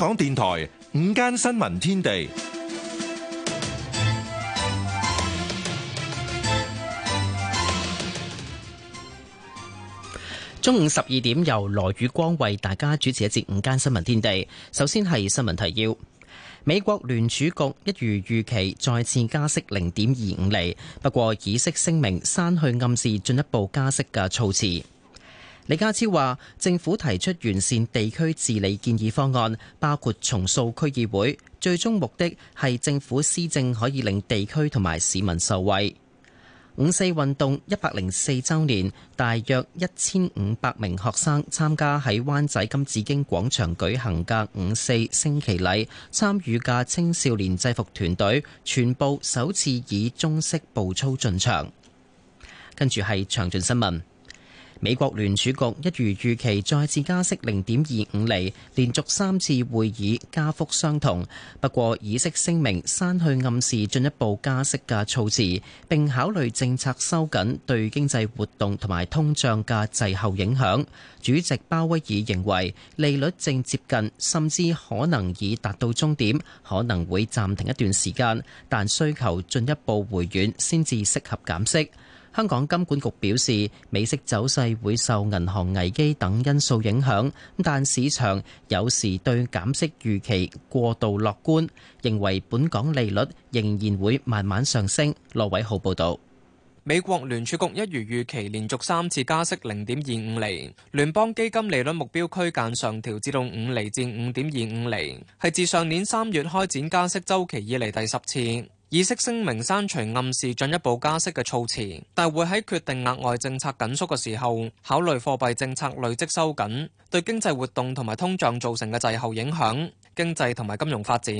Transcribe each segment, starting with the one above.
香港電台午間新聞天地，中午十二點由羅宇光為大家主持一節午間新聞天地。首先係新聞提要：美國聯儲局一如預期再次加息零點二五厘，不過以息聲明刪去暗示進一步加息嘅措辭。李家超話：政府提出完善地區治理建議方案，包括重塑區議會，最終目的係政府施政可以令地區同埋市民受惠。五四運動一百零四週年，大約一千五百名學生參加喺灣仔金紫荊廣場舉行嘅五四升旗禮，參與嘅青少年制服團隊全部首次以中式步操進場。跟住係詳盡新聞。美國聯儲局一如預期再次加息零點二五厘，連續三次會議加幅相同。不過，議息聲明刪去暗示進一步加息嘅措辭，並考慮政策收緊對經濟活動同埋通脹嘅滯後影響。主席鮑威爾認為利率正接近，甚至可能已達到終點，可能會暫停一段時間，但需求進一步回軟先至適合減息。香港金管局表示，美息走勢會受銀行危機等因素影響，但市場有時對減息預期過度樂觀，認為本港利率仍然會慢慢上升。羅偉浩報道。美國聯儲局一如預期，連續三次加息零點二五厘，聯邦基金利率目標區間上調至到五厘至五點二五厘，係自上年三月開展加息周期以嚟第十次。議息聲明刪除暗示進一步加息嘅措辭，但會喺決定額外政策緊縮嘅時候，考慮貨幣政策累積收緊對經濟活動同埋通脹造成嘅滯後影響、經濟同埋金融發展。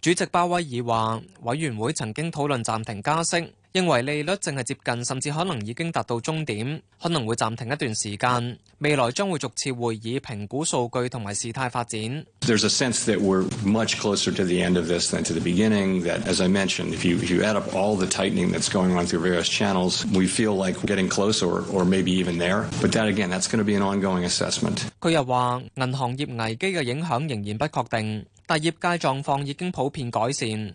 主席鮑威爾話，委員會曾經討論暫停加息。認為利率淨係接近，甚至可能已經達到終點，可能會暫停一段時間。未來將會逐次會議評估數據同埋事態發展。There's a sense that we're much closer to the end of this than to the beginning, that, as I mentioned, if you, if you add up all the tightening that's going on through various channels, we feel like getting closer, or maybe even there. But that again, that's gonna be an ongoing assessment. 佢又話：銀行業危機嘅影響仍然不確定，但業界狀況已經普遍改善。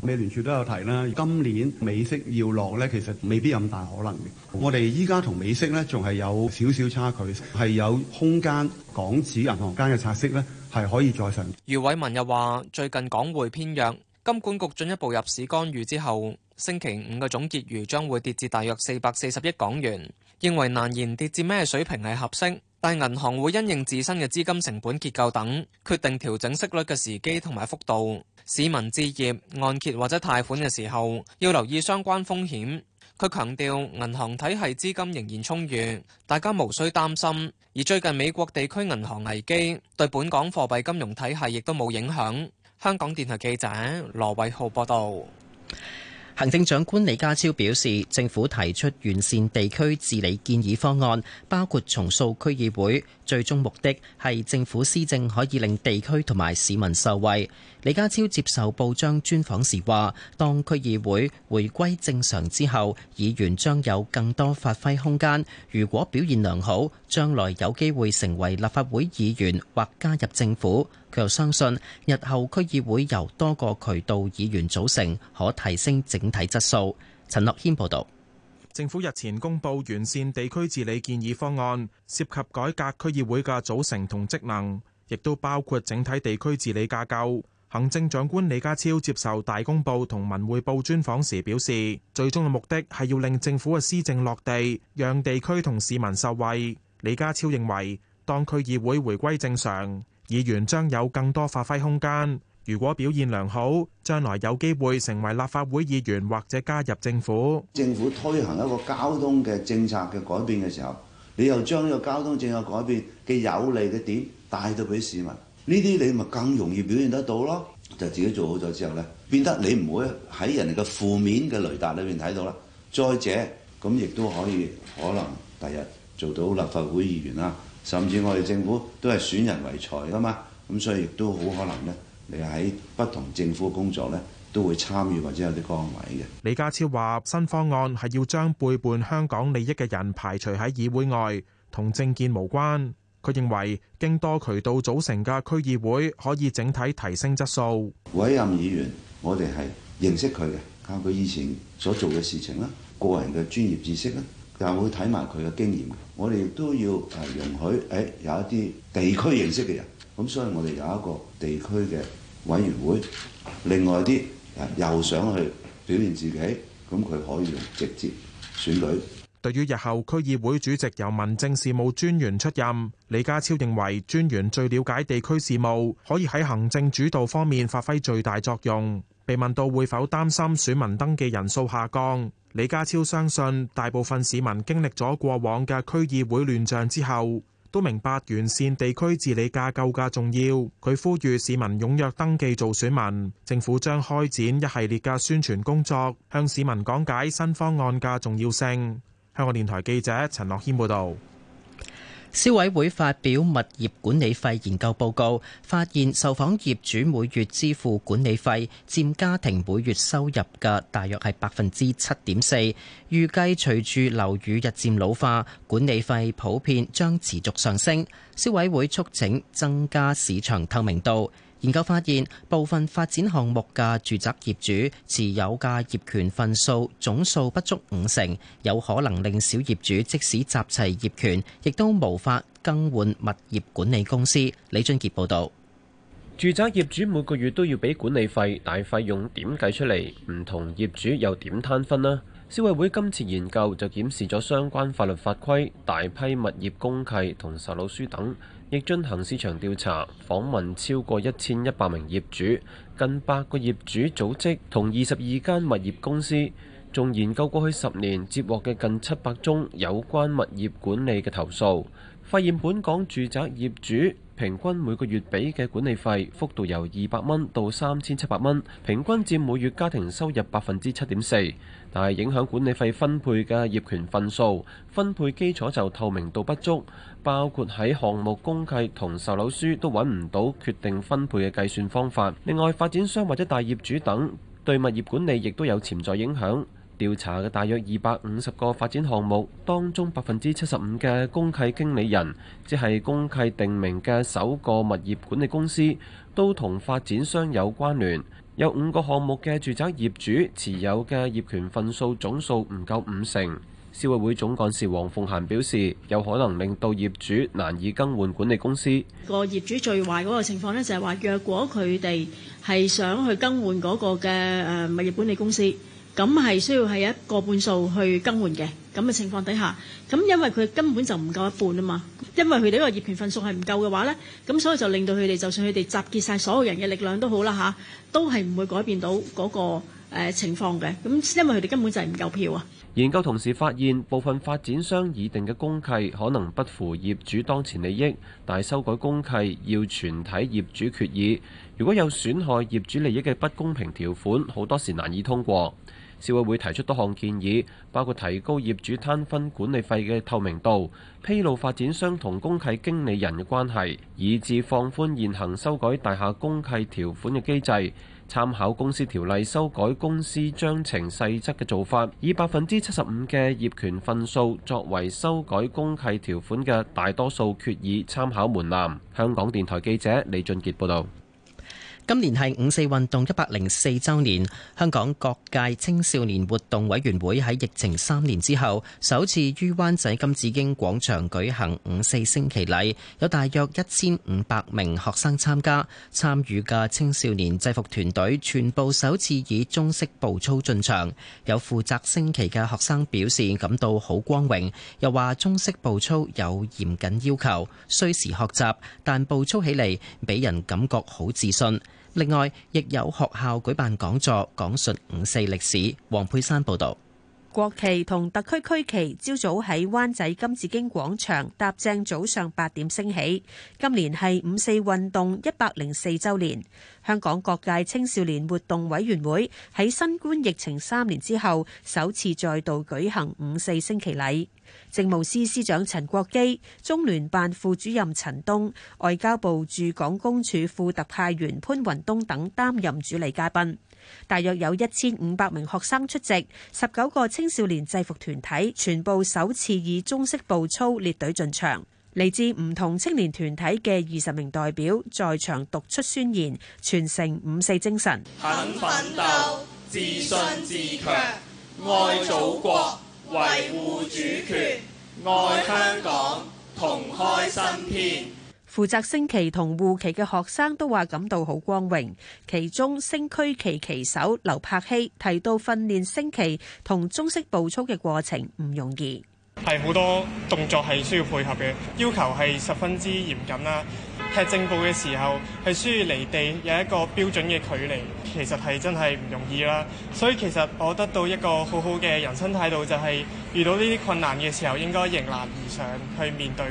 美聯儲都有提啦，今年美息要落呢，其實未必咁大可能嘅。我哋依家同美息呢，仲係有少少差距，係有空間。港紙銀行間嘅拆息呢，係可以再上。余偉文又話：最近港匯偏弱，金管局進一步入市干預之後，星期五嘅總結餘將會跌至大約四百四十億港元，認為難言跌至咩水平係合適，但銀行會因應自身嘅資金成本結構等，決定調整息率嘅時機同埋幅度。市民置業按揭或者貸款嘅時候，要留意相關風險。佢強調銀行體系資金仍然充裕，大家無需擔心。而最近美國地區銀行危機對本港貨幣金融體系亦都冇影響。香港電台記者羅偉浩報道。行政長官李家超表示，政府提出完善地區治理建議方案，包括重塑區議會，最終目的係政府施政可以令地區同埋市民受惠。李家超接受報章專訪時話，當區議會回歸正常之後，議員將有更多發揮空間。如果表現良好，將來有機會成為立法會議員或加入政府。佢又相信，日後區議會由多個渠道議員組成，可提升整體質素。陳樂謙報道。政府日前公布完善地區治理建議方案，涉及改革區議會嘅組成同職能，亦都包括整體地區治理架構。行政長官李家超接受《大公報》同《文匯報》專訪時表示，最終嘅目的係要令政府嘅施政落地，讓地區同市民受惠。李家超認為，當區議會回歸正常，議員將有更多發揮空間。如果表現良好，將來有機會成為立法會議員或者加入政府。政府推行一個交通嘅政策嘅改變嘅時候，你又將呢個交通政策改變嘅有利嘅點帶到俾市民。呢啲你咪更容易表現得到咯，就自己做好咗之後咧，變得你唔會喺人哋嘅負面嘅雷達裏邊睇到啦。再者，咁亦都可以可能第日做到立法會議員啦，甚至我哋政府都係選人為才噶嘛，咁所以亦都好可能咧，你喺不同政府工作咧都會參與或者有啲崗位嘅。李家超話：新方案係要將背叛香港利益嘅人排除喺議會外，同政見無關。佢認為經多渠道組成嘅區議會可以整體提升質素。委任議員，我哋係認識佢嘅，靠佢以前所做嘅事情啦，個人嘅專業知識啦，但會睇埋佢嘅經驗。我哋都要誒容許，誒、哎、有一啲地區認識嘅人。咁所以，我哋有一個地區嘅委員會。另外啲誒又想去表現自己，咁佢可以用直接選舉。對於日後區議會主席由民政事務專員出任，李家超認為專員最了解地區事務，可以喺行政主導方面發揮最大作用。被問到會否擔心選民登記人數下降，李家超相信大部分市民經歷咗過往嘅區議會亂象之後，都明白完善地區治理架構嘅重要。佢呼籲市民踴躍登記做選民，政府將開展一系列嘅宣傳工作，向市民講解新方案嘅重要性。香港電台記者陳樂謙報道。消委會發表物業管理費研究報告，發現受訪業主每月支付管理費佔家庭每月收入嘅大約係百分之七點四。預計隨住樓宇日漸老化，管理費普遍將持續上升。消委會促請增加市場透明度。研究發現，部分發展項目嘅住宅業主持有嘅業權份數總數不足五成，有可能令小業主即使集齊業權，亦都無法更換物業管理公司。李俊傑報導：住宅業主每個月都要俾管理費，但費用點計出嚟？唔同業主又點攤分呢？消委會今次研究就檢視咗相關法律法規、大批物業公契同售樓書等。亦進行市場調查，訪問超過一千一百名業主、近百個業主組織同二十二間物業公司，仲研究過去十年接獲嘅近七百宗有關物業管理嘅投訴，發現本港住宅業主，平均每個月俾嘅管理費幅度由二百蚊到三千七百蚊，3, 700, 平均佔每月家庭收入百分之七點四。但係影響管理費分配嘅業權份數分配基礎就透明度不足，包括喺項目公契同售樓書都揾唔到決定分配嘅計算方法。另外，發展商或者大業主等對物業管理亦都有潛在影響。調查嘅大約二百五十個發展項目，當中百分之七十五嘅公契經理人，即係公契定名嘅首個物業管理公司，都同發展商有關聯。有五個項目嘅住宅業主持有嘅業權份數總數唔夠五成。消委會總幹事黃鳳嫺表示，有可能令到業主難以更換管理公司。個業主最壞嗰個情況呢，就係話，若果佢哋係想去更換嗰個嘅誒物業管理公司。咁係需要係一個半數去更換嘅咁嘅情況底下，咁因為佢根本就唔夠一半啊嘛，因為佢哋一個業權份數係唔夠嘅話呢，咁所以就令到佢哋就算佢哋集結曬所有人嘅力量都好啦嚇，都係唔會改變到嗰個誒情況嘅。咁因為佢哋根本就係唔夠票啊。研究同時發現，部分發展商擬定嘅公契可能不符業主當前利益，但係修改公契要全體業主決議。如果有損害業主利益嘅不公平條款，好多時難以通過。消委會提出多項建議，包括提高業主攤分管理費嘅透明度，披露發展商同公契經理人嘅關係，以致放寬現行修改大廈公契條款嘅機制，參考公司條例修改公司章程細則嘅做法，以百分之七十五嘅業權份數作為修改公契條款嘅大多數決議參考門檻。香港電台記者李俊杰報道。今年係五四運動一百零四周年，香港各界青少年活動委員會喺疫情三年之後首次於灣仔金紫荊廣場舉行五四升旗禮，有大約一千五百名學生參加。參與嘅青少年制服團隊全部首次以中式步操進場。有負責升旗嘅學生表示感到好光榮，又話中式步操有嚴謹要求，需時學習，但步操起嚟俾人感覺好自信。另外，亦有學校舉辦講座，講述五四歷史。黃佩珊報道。國旗同特區區旗朝早喺灣仔金紫荊廣場踏正早上八點升起。今年係五四運動一百零四周年，香港各界青少年活動委員會喺新冠疫情三年之後首次再度舉行五四升旗禮。政務司司長陳國基、中聯辦副主任陳東、外交部駐港公署副特派員潘雲東等擔任主禮嘉賓。大約有一千五百名學生出席，十九個青少年制服團體全部首次以中式步操列隊進場。嚟自唔同青年團體嘅二十名代表在場讀出宣言，傳承五四精神。肯奮鬥，自信自強，愛祖國，維護主權，愛香港，同開新篇。」負責升旗同護旗嘅學生都話感到好光榮，其中升區旗旗手劉柏希提到訓練升旗同中式步操嘅過程唔容易，係好多動作係需要配合嘅，要求係十分之嚴謹啦。踢正步嘅時候係需要離地有一個標準嘅距離，其實係真係唔容易啦。所以其實我得到一個好好嘅人生態度，就係遇到呢啲困難嘅時候應該迎難而上去面對。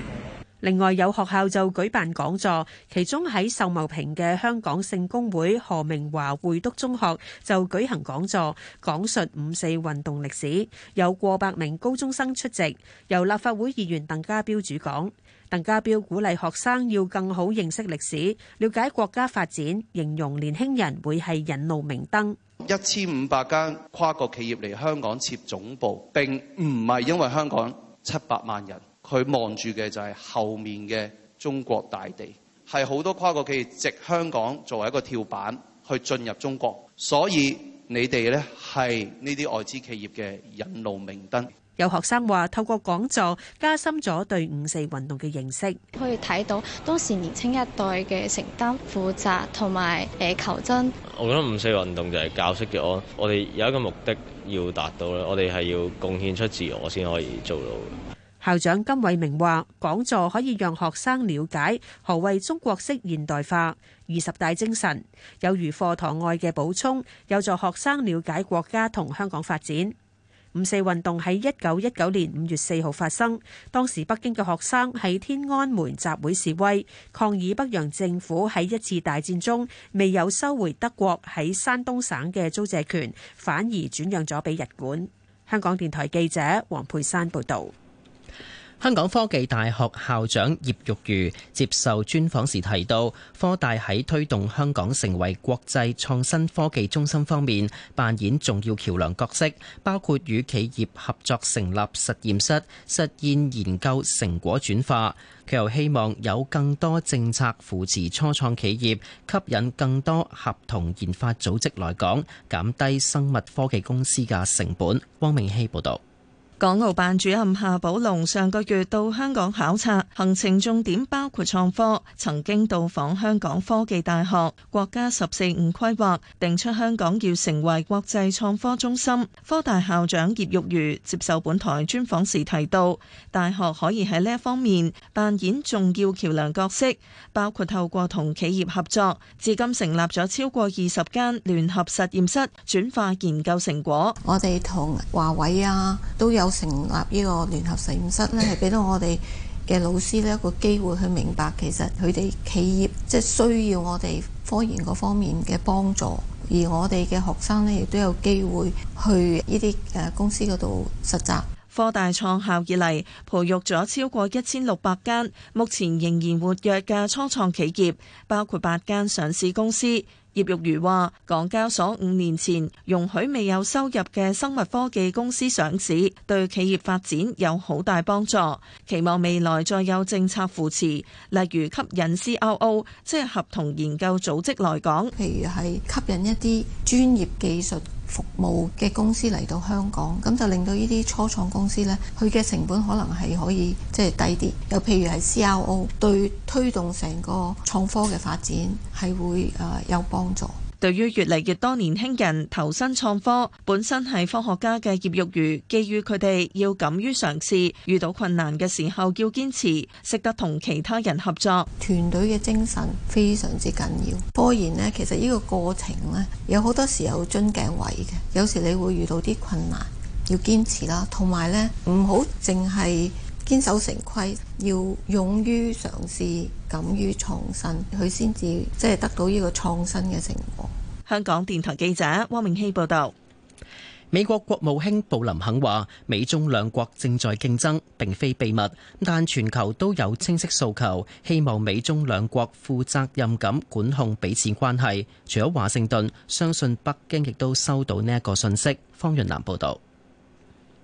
另外有學校就舉辦講座，其中喺秀茂坪嘅香港聖公會何明華會督中學就舉行講座，講述五四運動歷史，有過百名高中生出席，由立法會議員鄧家彪主講。鄧家彪鼓勵學生要更好認識歷史，了解國家發展，形容年輕人會係引路明燈。一千五百間跨國企業嚟香港設總部，並唔係因為香港七百萬人。佢望住嘅就係後面嘅中國大地，係好多跨國企業直香港作為一個跳板去進入中國，所以你哋咧係呢啲外資企業嘅引路明燈。有學生話透過講座加深咗對五四運動嘅認識，可以睇到當時年青一代嘅承擔負責同埋誒求真。我覺得五四運動就係教識嘅我，我哋有一個目的要達到咧，我哋係要貢獻出自我先可以做到。校長金偉明話：講座可以讓學生了解何謂中國式現代化、二十大精神，有如課堂外嘅補充，有助學生了解國家同香港發展。五四運動喺一九一九年五月四號發生，當時北京嘅學生喺天安門集會示威，抗議北洋政府喺一次大戰中未有收回德國喺山東省嘅租借權，反而轉讓咗俾日本。香港電台記者黃佩珊報道。香港科技大學校長葉玉如接受專訪時提到，科大喺推動香港成為國際創新科技中心方面扮演重要橋樑角色，包括與企業合作成立實驗室，實現研究成果轉化。佢又希望有更多政策扶持初創企業，吸引更多合同研發組織來港，減低生物科技公司嘅成本。汪明希報道。港澳辦主任夏寶龍上個月到香港考察，行程重點包括創科。曾經到訪香港科技大學，國家十四五規劃定出香港要成為國際創科中心。科大校長葉玉如接受本台專訪時提到，大學可以喺呢一方面扮演重要橋樑角色，包括透過同企業合作，至今成立咗超過二十間聯合實驗室，轉化研究成果。我哋同華為啊都有。成立呢個聯合實驗室咧，係俾到我哋嘅老師咧，一個機會去明白，其實佢哋企業即係需要我哋科研嗰方面嘅幫助，而我哋嘅學生咧，亦都有機會去呢啲誒，公司嗰度實習。科大創校以嚟，培育咗超過一千六百間，目前仍然活躍嘅初創企業，包括八間上市公司。葉玉如話：港交所五年前容許未有收入嘅生物科技公司上市，對企業發展有好大幫助。期望未來再有政策扶持，例如吸引 CRO 即係合同研究組織來講，譬如係吸引一啲專業技術服務嘅公司嚟到香港，咁就令到呢啲初創公司呢，佢嘅成本可能係可以即係低啲。又譬如係 CRO，對推動成個創科嘅發展係會誒有幫。對於越嚟越多年輕人投身創科，本身係科學家嘅葉玉如，寄語佢哋要敢於嘗試，遇到困難嘅時候要堅持，識得同其他人合作，團隊嘅精神非常之緊要。科研呢，其實呢個過程呢，有好多時候樽頸位嘅，有時你會遇到啲困難，要堅持啦，同埋呢，唔好淨係堅守成規，要勇於嘗試。敢於創新，佢先至即係得到呢個創新嘅成果。香港電台記者汪明熙報道，美國國務卿布林肯話，美中兩國正在競爭，並非秘密，但全球都有清晰訴求，希望美中兩國負責任咁管控彼此關係。除咗華盛頓，相信北京亦都收到呢一個信息。方潤南報道。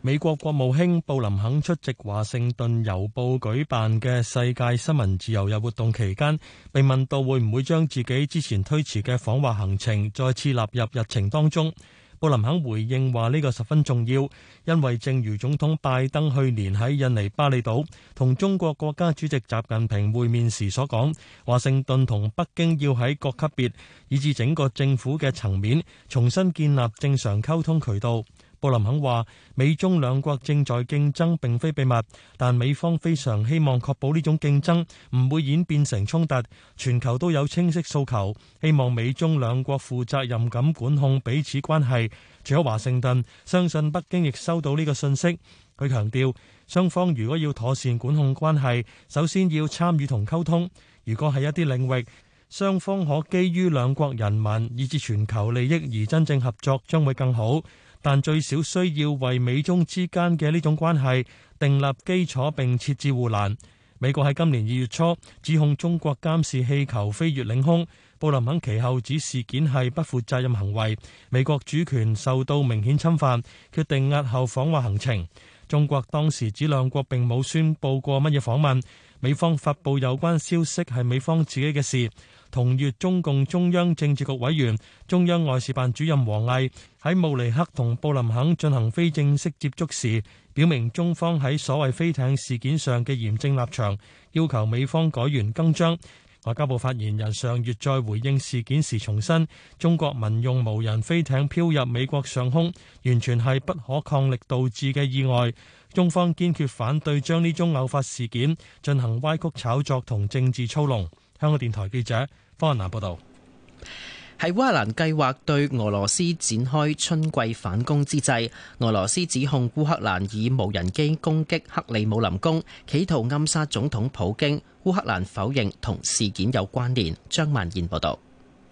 美國國務卿布林肯出席華盛頓郵報舉辦嘅世界新聞自由日活動期間，被問到會唔會將自己之前推遲嘅訪華行程再次納入日程當中，布林肯回應話呢個十分重要，因為正如總統拜登去年喺印尼巴厘島同中國國家主席習近平會面時所講，華盛頓同北京要喺各級別以至整個政府嘅層面重新建立正常溝通渠道。布林肯話：美中兩國正在競爭，並非秘密，但美方非常希望確保呢種競爭唔會演變成衝突。全球都有清晰訴求，希望美中兩國負責任咁管控彼此關係。除咗華盛頓，相信北京亦收到呢個信息。佢強調，雙方如果要妥善管控關係，首先要參與同溝通。如果係一啲領域，雙方可基於兩國人民以至全球利益而真正合作，將會更好。但最少需要為美中之間嘅呢種關係訂立基礎並設置護欄。美國喺今年二月初指控中國監視氣球飛越領空，布林肯其後指事件係不負責任行為，美國主權受到明顯侵犯，決定押後訪華行程。中國當時指兩國並冇宣布過乜嘢訪問，美方發布有關消息係美方自己嘅事。同月，中共中央政治局委員、中央外事辦主任王毅，喺慕尼克同布林肯進行非正式接觸時，表明中方喺所謂飛艇事件上嘅嚴正立場，要求美方改弦更張。外交部發言人上月再回應事件時重申，中國民用無人飛艇飄入美國上空，完全係不可抗力導致嘅意外。中方堅決反對將呢種偶發事件進行歪曲炒作同政治操弄。香港電台記者方雲南報道。喺烏克蘭計劃對俄羅斯展開春季反攻之際，俄羅斯指控烏克蘭以無人機攻擊克里姆林宮，企圖暗殺總統普京。烏克蘭否認同事件有關聯。張曼燕報道。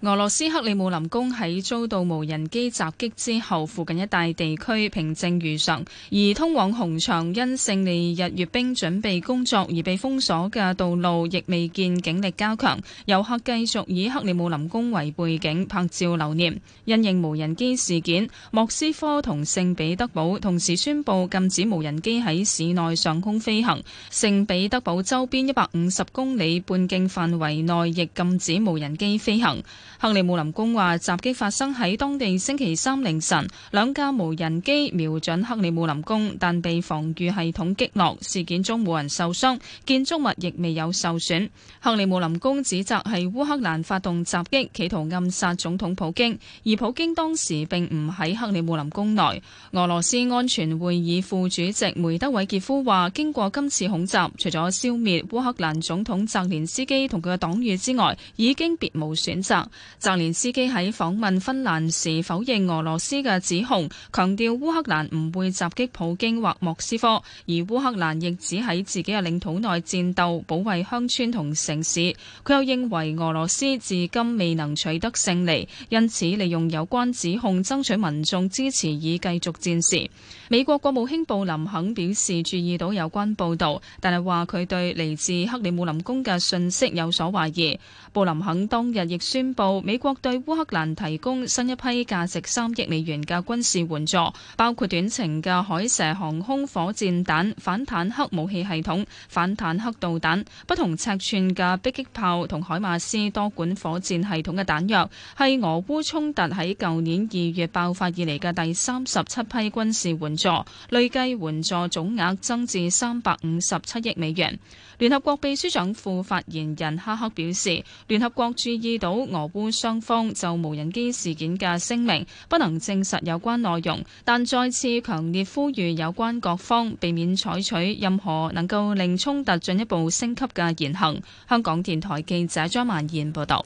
俄羅斯克里姆林宮喺遭到無人機襲擊之後，附近一帶地區平靜如常，而通往紅場因勝利日閱兵準備工作而被封鎖嘅道路亦未見警力加強。遊客繼續以克里姆林宮為背景拍照留念。因應無人機事件，莫斯科同聖彼得堡同時宣布禁止無人機喺市內上空飛行，聖彼得堡周邊一百五十公里半徑範圍內亦禁止無人機飛行。克里姆林宮話，襲擊發生喺當地星期三凌晨，兩架無人機瞄準克里姆林宮，但被防禦系統擊落。事件中冇人受傷，建築物亦未有受損。克里姆林宮指責係烏克蘭發動襲擊，企圖暗殺總統普京，而普京當時並唔喺克里姆林宮內。俄羅斯安全會議副主席梅德韋傑夫話，經過今次恐襲，除咗消滅烏克蘭總統澤連斯基同佢嘅黨羽之外，已經別無選擇。澤連斯基喺訪問芬蘭時否認俄羅斯嘅指控，強調烏克蘭唔會襲擊普京或莫斯科，而烏克蘭亦只喺自己嘅領土內戰鬥，保衛鄉村同城市。佢又認為俄羅斯至今未能取得勝利，因此利用有關指控爭取民眾支持，以繼續戰事。美國國務卿布林肯表示，注意到有關報道，但係話佢對嚟自克里姆林宮嘅信息有所懷疑。布林肯當日亦宣布，美國對烏克蘭提供新一批價值三億美元嘅軍事援助，包括短程嘅海蛇航空火箭彈、反坦克武器系統、反坦克導彈、不同尺寸嘅迫擊炮同海馬斯多管火箭系統嘅彈藥，係俄烏衝突喺舊年二月爆發以嚟嘅第三十七批軍事援助。助累計援助總額增至三百五十七億美元。聯合國秘書長副發言人哈克表示，聯合國注意到俄烏雙方就無人機事件嘅聲明不能證實有關內容，但再次強烈呼籲有關各方避免採取任何能夠令衝突進一步升級嘅言行。香港電台記者張曼燕報道。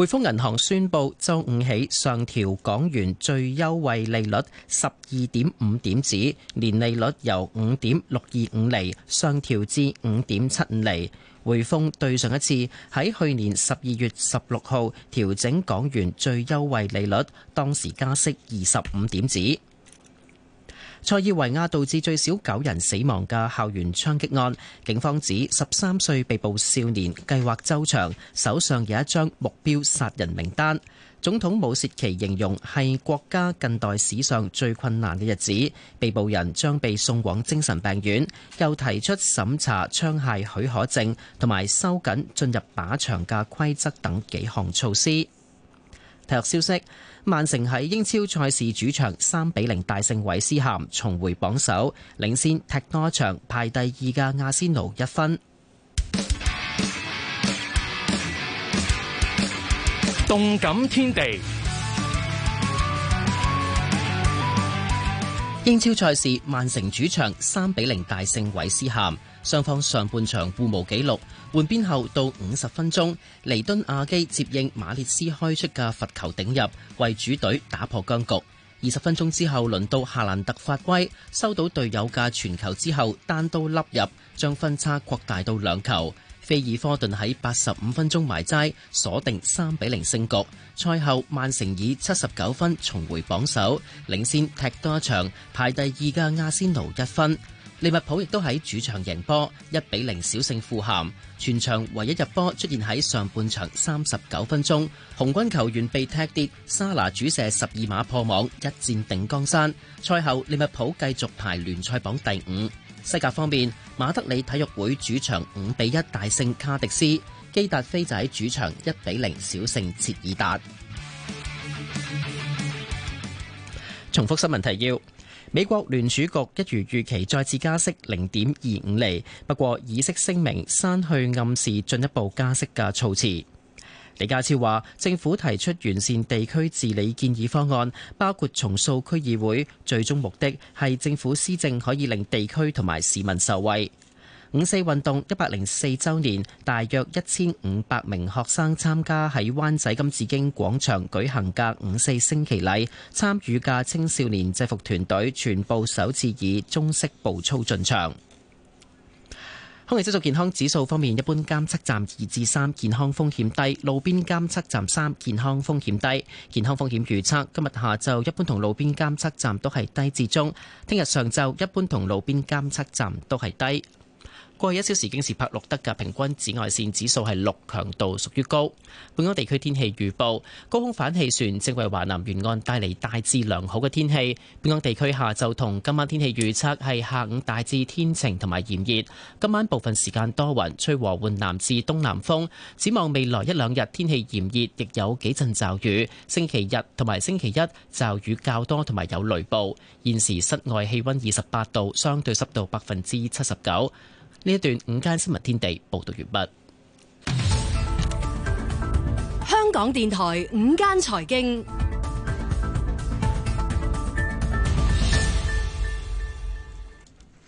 匯豐銀行宣佈，周五起上調港元最優惠利率十二點五點子，年利率由五點六二五厘上調至五點七五厘。匯豐對上一次喺去年十二月十六號調整港元最優惠利率，當時加息二十五點子。塞爾維亞導致最少九人死亡嘅校園槍擊案，警方指十三歲被捕少年計劃周詳，手上有一張目標殺人名單。總統武契奇形容係國家近代史上最困難嘅日子。被捕人將被送往精神病院，又提出審查槍械許可證同埋收緊進入靶場嘅規則等幾項措施。體育消息。曼城喺英超賽事主場三比零大勝韋斯咸，重回榜首，領先踢多、no、場排第二嘅阿仙奴一分。動感天地，英超賽事曼城主場三比零大勝韋斯咸。雙方上半場互無紀錄，換邊後到五十分鐘，尼敦亞基接應馬列斯開出嘅罰球頂入，為主隊打破僵局。二十分鐘之後，輪到夏蘭特發威，收到隊友嘅傳球之後，單刀粒入，將分差擴大到兩球。菲爾科頓喺八十五分鐘埋齋，鎖定三比零勝局。賽後，曼城以七十九分重回榜首，領先踢多一場，排第二嘅阿仙奴一分。利物浦亦都喺主場贏波，一比零小勝富咸。全場唯一入波出現喺上半場三十九分鐘，紅軍球員被踢跌，沙拿主射十二碼破網，一戰定江山。賽後利物浦繼續排聯賽榜第五。西甲方面，馬德里體育會主場五比一大勝卡迪斯，基達菲仔主場一比零小勝切爾達。重複新聞提要。美國聯儲局一如預期再次加息零點二五厘，不過議息聲明刪去暗示進一步加息嘅措辭。李家超話，政府提出完善地區治理建議方案，包括重塑區議會，最終目的係政府施政可以令地區同埋市民受惠。五四運動一百零四周年，大約一千五百名學生參加喺灣仔金紫荊廣場舉行嘅五四升旗禮。參與嘅青少年制服團隊全部首次以中式步操進場。空氣質素健康指數方面，一般監測站二至三，健康風險低；路邊監測站三，健康風險低。健康風險預測今日下晝一般同路邊監測站都係低至中，聽日上晝一般同路邊監測站都係低。過去一小時，京士柏錄得嘅平均紫外線指數係六，強度屬於高。本港地區天氣預報，高空反氣旋正為華南沿岸帶嚟大致良好嘅天氣。本港地區下晝同今晚天氣預測係下午大致天晴同埋炎熱，今晚部分時間多雲，吹和緩南至東南風。展望未來一兩日天氣炎熱，亦有幾陣驟雨。星期日同埋星期一驟雨較多，同埋有雷暴。現時室外氣溫二十八度，相對濕度百分之七十九。呢一段午間新聞天地報道完畢。香港電台午間財經。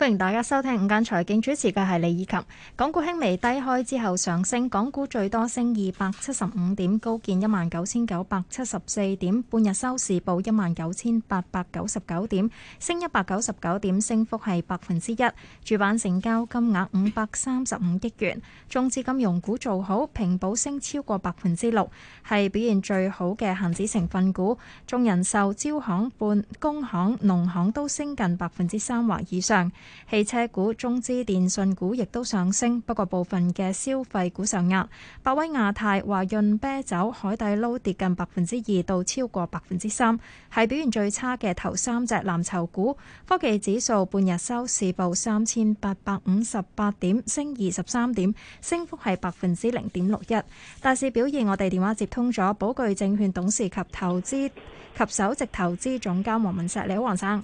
歡迎大家收聽午間財經，主持嘅係李以琴。港股輕微低開之後上升，港股最多升二百七十五點，高見一萬九千九百七十四點，半日收市報一萬九千八百九十九點，升一百九十九點，升幅係百分之一。主板成交金額五百三十五億元，中資金融股做好，平保升超過百分之六，係表現最好嘅恒指成分股。中人壽、招行、半工行、農行都升近百分之三或以上。汽車股、中資電訊股亦都上升，不過部分嘅消費股受壓，百威亞太、華潤啤酒、海底撈跌近百分之二到超過百分之三，係表現最差嘅頭三隻藍籌股。科技指數半日收市報三千八百五十八點，升二十三點，升幅係百分之零點六一。大市表現，我哋電話接通咗，寶鉅證券董事及投資及首席投資總監黃文石，你好，黃生。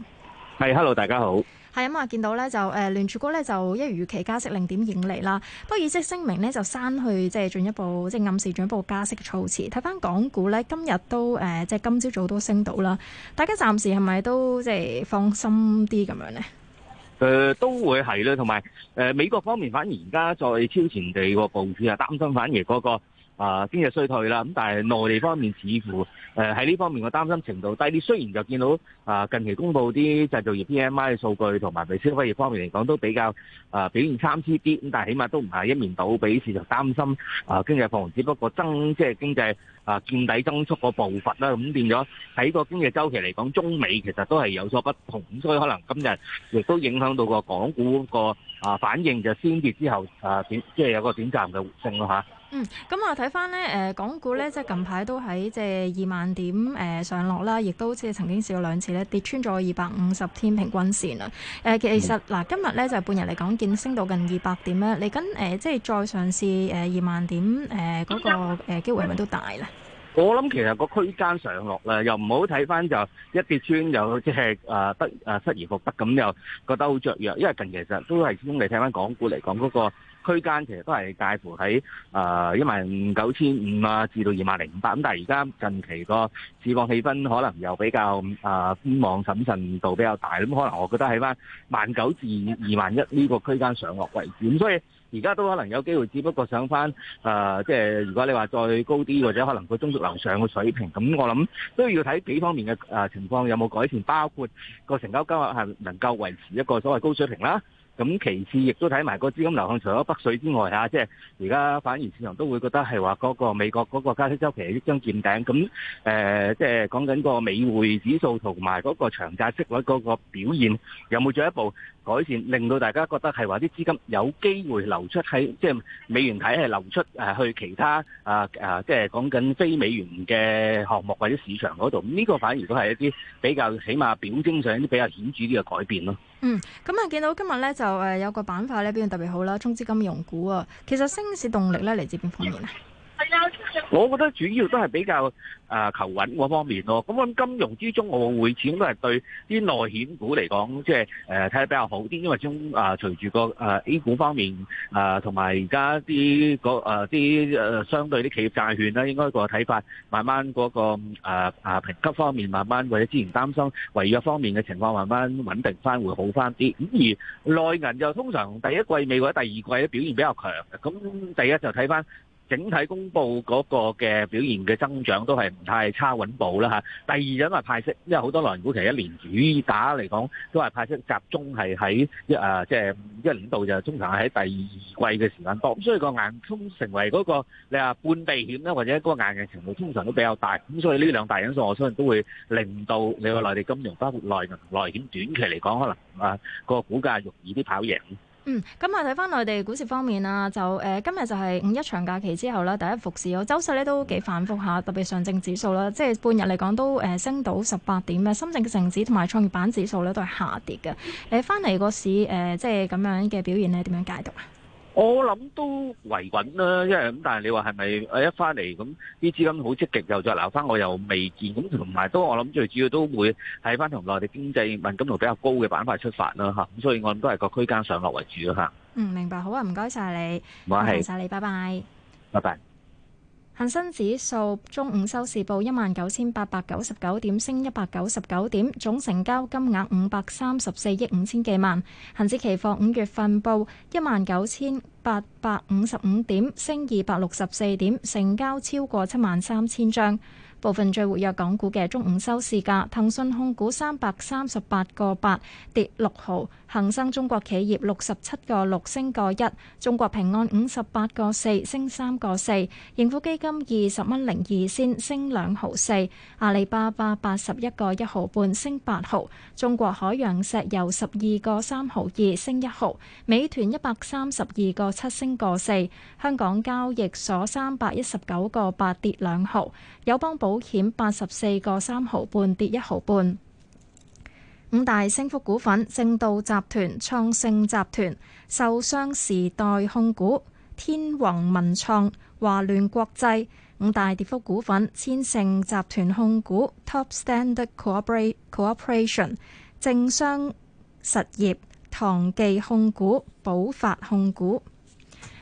係，hello，大家好。咁啊，見到咧就誒聯儲局咧就一如預期加息零點二釐啦，不過議息聲明咧就刪去，即係進一步即係暗示進一步加息嘅措辭。睇返港股咧，今日都誒即係今朝早都升到啦。大家暫時係咪都即係放心啲咁樣咧？誒都會係啦，同埋誒美國方面反而而家再超前地個佈置啊，擔心反而嗰個。啊，經濟衰退啦，咁但係內地方面似乎誒喺呢方面嘅擔心程度低啲。雖然就見到啊近期公布啲製造業 PMI 嘅數據同埋微消費業方面嚟講都比較啊表現參差啲，咁但係起碼都唔係一面倒，俾市場擔心啊經濟放緩。只不過增即係經濟啊見底增速個步伐啦，咁變咗喺個經濟週期嚟講，中美其實都係有所不同，所以可能今日亦都影響到個港股個啊反應，就先跌之後啊點即係有個短暫嘅回升咯嚇。嗯，咁啊睇翻咧，誒，港股咧，即係近排都喺即係二萬點誒、呃、上落啦，亦都即係曾經試過兩次咧跌穿咗二百五十天平均線啦。誒、呃，其實嗱、呃，今日咧就係，半日嚟講，見升到近二百點咧，嚟緊誒即係再上試誒二萬點誒嗰、呃那個誒機會係咪都大咧？我諗其實個區間上落啦，又唔好睇翻就一跌穿又即係誒得誒、啊、失而復得咁，又覺得好雀躍。因為近其實都係先嚟聽翻港股嚟講嗰個。區間其實都係介乎喺誒一萬九千五啊，至到二萬零五百，咁但係而家近期個市況氣氛可能又比較誒觀望審慎度比較大，咁可能我覺得喺翻萬九至二萬一呢個區間上落為止，咁所以而家都可能有機會，只不過上翻誒即係如果你話再高啲或者可能個中速樓上嘅水平，咁我諗都要睇幾方面嘅誒情況有冇改善，包括個成交金額係能夠維持一個所謂高水平啦。咁其次，亦都睇埋個資金流向，除咗北水之外，嚇，即係而家反而市場都會覺得係話嗰個美國嗰個加息週期即將見頂。咁誒，即係講緊個美匯指數同埋嗰個長債息率嗰個表現，有冇進一步改善令到大家覺得係話啲資金有機會流出，喺即係美元體係流出誒、啊、去其他啊啊即係講緊非美元嘅項目或者市場嗰度，呢、這個反而都係一啲比較起碼表徵上一啲比較顯著啲嘅改變咯、嗯。嗯，咁啊見到今日咧就誒有個板塊咧表現特別好啦，中資金融股啊，其實升市動力咧嚟自邊方面啊？嗯係啊，我覺得主要都係比較誒求穩嗰方面咯。咁我金融之中，我會始終都係對啲內險股嚟講，即係誒睇得比較好啲。因為中啊隨住個誒 A 股方面誒同埋而家啲嗰誒啲誒相對啲企業債券咧，應該個睇法慢慢嗰個誒誒評級方面慢慢或者之前擔心違約方面嘅情況慢慢穩定翻會好翻啲。咁而內銀就通常第一季尾或者第二季咧表現比較強嘅。咁第一就睇翻。整體公布嗰個嘅表現嘅增長都係唔太差，穩步啦嚇。第二，因為派息，因為好多內銀股其實一年主打嚟講都係派息，集中係喺一啊，即係一年度就通常喺第二季嘅時間多。咁所以個硬通成為嗰個你話半避險咧，或者嗰個硬嘅程度通常都比較大。咁所以呢兩大因素，我相信都會令到你話內地金融包括內銀內險短期嚟講，可能啊個股價容易啲跑贏。嗯，咁啊，睇翻內地股市方面啦。就誒、呃、今日就係五一長假期之後啦，第一復市，個走勢咧都幾反覆下，特別上證指數啦，即係半日嚟講都誒、呃、升到十八點嘅，深證成指同埋創業板指數咧都係下跌嘅，誒翻嚟個市誒即係咁樣嘅表現咧點樣解讀啊？我諗都維穩啦，因為咁，但係你話係咪誒一翻嚟，咁啲資金好積極，又再流翻，我又未見，咁同埋都我諗最主要都會喺翻同內地經濟、敏感度比較高嘅板塊出發啦，吓咁所以我諗都係個區間上落為主啦，吓。嗯，明白，好啊，唔該晒你，唔該晒你，拜拜，拜拜。恒生指數中午收市報一萬九千八百九十九點，升一百九十九點，總成交金額五百三十四億五千幾萬。恒指期貨五月份報一萬九千八百五十五點，升二百六十四點，成交超過七萬三千張。部分最活躍港股嘅中午收市價，騰訊控股三百三十八個八跌六毫；恒生中國企業六十七個六升個一；中國平安五十八個四升三個四；盈富基金二十蚊零二仙升兩毫四；阿里巴巴八十一個一毫半升八毫；中國海洋石油十二個三毫二升一毫；美團一百三十二個七升個四；香港交易所三百一十九個八跌兩毫；友邦保。保險八十四個三毫半跌一毫半。五大升幅股份：正道集團、創盛集團、受傷時代控股、天皇文創、華聯國際。五大跌幅股份：千盛集團控股、Top Standard Corporation、正商實業、唐記控股、寶發控股。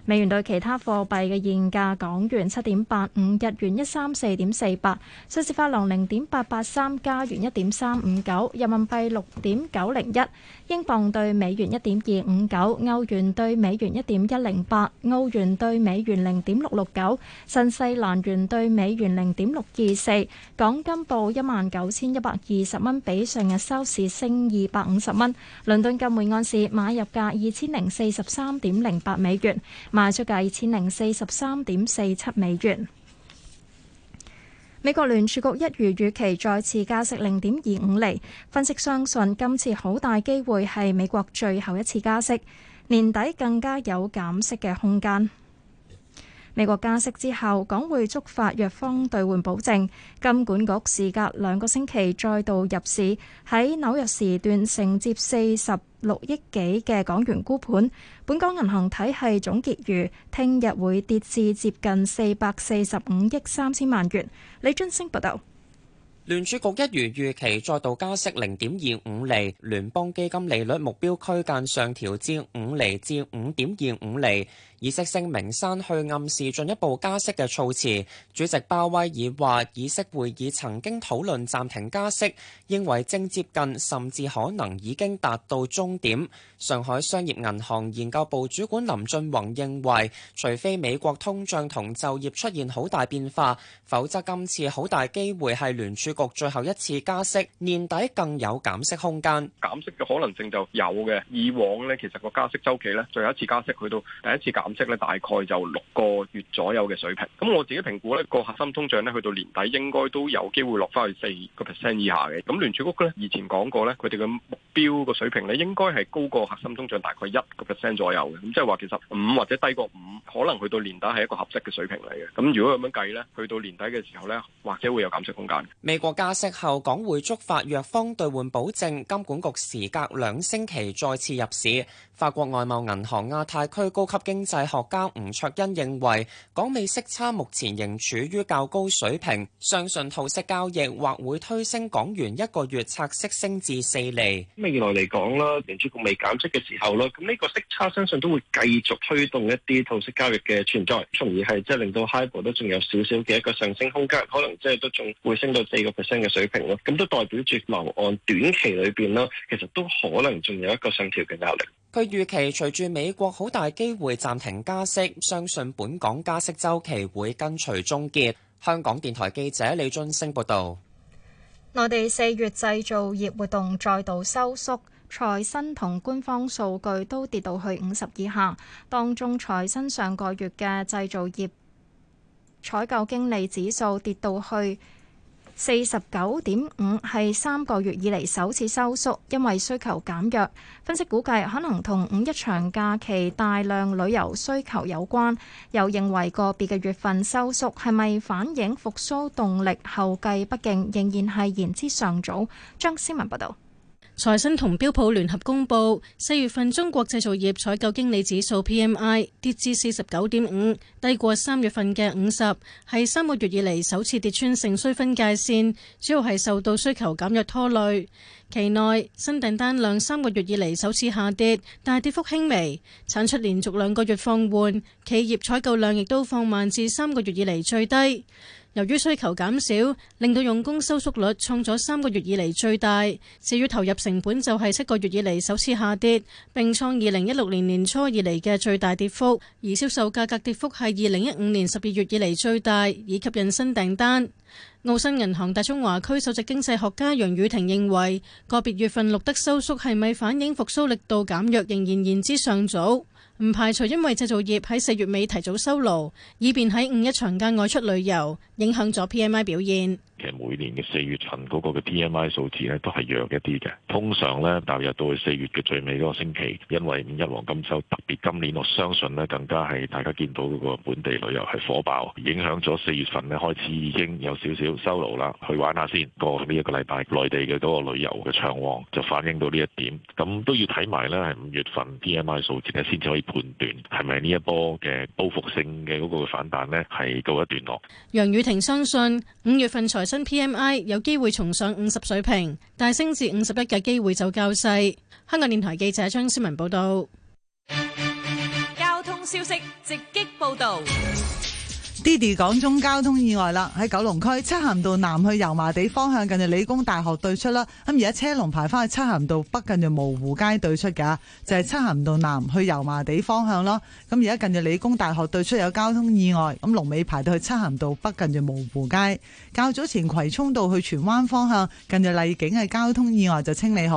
美元對其他貨幣嘅現價：港元七點八五，日元一三四點四八，瑞士法郎零點八八三，加元一點三五九，人民幣六點九零一，英鎊對美元一點二五九，歐元對美元一點一零八，澳元對美元零點六六九，新西蘭元對美元零點六二四。港金報一萬九千一百二十蚊，比上日收市升二百五十蚊。倫敦金每盎司買入價二千零四十三點零八美元。賣出價二千零四十三點四七美元。美國聯儲局一如預期再次加息零點二五厘，分析相信今次好大機會係美國最後一次加息，年底更加有減息嘅空間。美國加息之後，港匯觸發弱方兌換保證，金管局時隔兩個星期再度入市，喺紐約時段承接四十六億幾嘅港元沽盤。本港銀行體系總結餘聽日會跌至接近四百四十五億三千萬元。李津升報道，聯儲局一如預期再度加息零點二五釐，聯邦基金利率目標區間上調至五釐至五點二五釐。以色聲名山去暗示進一步加息嘅措辭。主席巴威爾話，以色會議曾經討論暫停加息，認為正接近甚至可能已經達到終點。上海商業銀行研究部主管林俊宏認為，除非美國通脹同就業出現好大變化，否則今次好大機會係聯儲局最後一次加息，年底更有減息空間，減息嘅可能性就有嘅。以往咧，其實個加息周期咧，最後一次加息去到第一次減。即咧大概就六個月左右嘅水平，咁我自己評估呢個核心通脹咧去到年底應該都有機會落翻去四個 percent 以下嘅。咁聯儲局咧以前講過呢，佢哋嘅目標個水平咧應該係高過核心通脹大概一個 percent 左右嘅。咁即係話其實五或者低過五，可能去到年底係一個合適嘅水平嚟嘅。咁如果咁樣計呢，去到年底嘅時候呢，或者會有減息空間。美國加息後，港匯觸發弱方兌換保證，金管局時隔兩星期再次入市。法國外貿銀行亞太區高級經濟大學家吳卓恩認為，港美息差目前仍處於較高水平，相信套息交易或會推升港元一個月拆息升至四厘。未來嚟講啦，聯儲局未減息嘅時候啦，咁呢個息差相信都會繼續推動一啲套息交易嘅存在，從而係即係令到 HIBOR 都仲有少少嘅一個上升空間，可能即係都仲會升到四個 percent 嘅水平咯。咁都代表住樓按短期裏邊啦，其實都可能仲有一個上調嘅壓力。佢預期隨住美國好大機會暫停加息，相信本港加息周期會跟隨終結。香港電台記者李津升報道：「內地四月製造業活動再度收縮，財新同官方數據都跌到去五十以下，當中財新上個月嘅製造業採購經理指數跌到去四十九點五係三個月以嚟首次收縮，因為需求減弱。分析估計可能同五一長假期大量旅遊需求有關。又認為個別嘅月份收縮係咪反映復甦動力後繼不勁，仍然係言之尚早。張思文報導。財新同標普聯合公布，四月份中國製造業採購經理指數 PMI 跌至四十九點五，低過三月份嘅五十，係三個月以嚟首次跌穿盛衰分界線，主要係受到需求減弱拖累。期內新訂單量三個月以嚟首次下跌，但係跌幅輕微，產出連續兩個月放緩，企業採購量亦都放慢至三個月以嚟最低。由於需求減少，令到用工收縮率創咗三個月以嚟最大，至於投入成本就係七個月以嚟首次下跌，並創二零一六年年初以嚟嘅最大跌幅，而銷售價格跌幅係二零一五年十二月以嚟最大，以及引申訂單。澳新銀行大中華區首席經濟學家楊宇婷認為，個別月份錄得收縮係咪反映復甦力度減弱，仍然言之尚早。唔排除，因為製造業喺四月尾提早收爐，以便喺五一長假外出旅遊，影響咗 PMI 表現。每年嘅四月份嗰個嘅 PMI 數字咧，都係弱一啲嘅。通常咧，踏入到去四月嘅最尾嗰個星期，因為五一黃金周特別，今年我相信咧更加係大家見到嗰個本地旅遊係火爆，影響咗四月份咧開始已經有少少收爐啦。去玩下先，過呢一個禮拜內地嘅嗰個旅遊嘅暢旺，就反映到呢一點，咁都要睇埋咧，係五月份 PMI 數字咧，先至可以判斷係咪呢一波嘅報復性嘅嗰個反彈咧，係告一段落。楊宇霆相信五月份財新 PMI 有機會重上五十水平，大升至五十一嘅機會就較細。香港電台記者張思文報道。交通消息直擊報導。d i d 講中交通意外啦，喺九龍區漆咸道南去油麻地方向，近住理工大學對出啦。咁而家車龍排翻去漆咸道北近住蕪湖街對出嘅，就係、是、漆咸道南去油麻地方向咯。咁而家近住理工大學對出有交通意外，咁龍尾排到去漆咸道北近住蕪湖街。較早前葵涌道去荃灣方向，近住麗景嘅交通意外就清理好。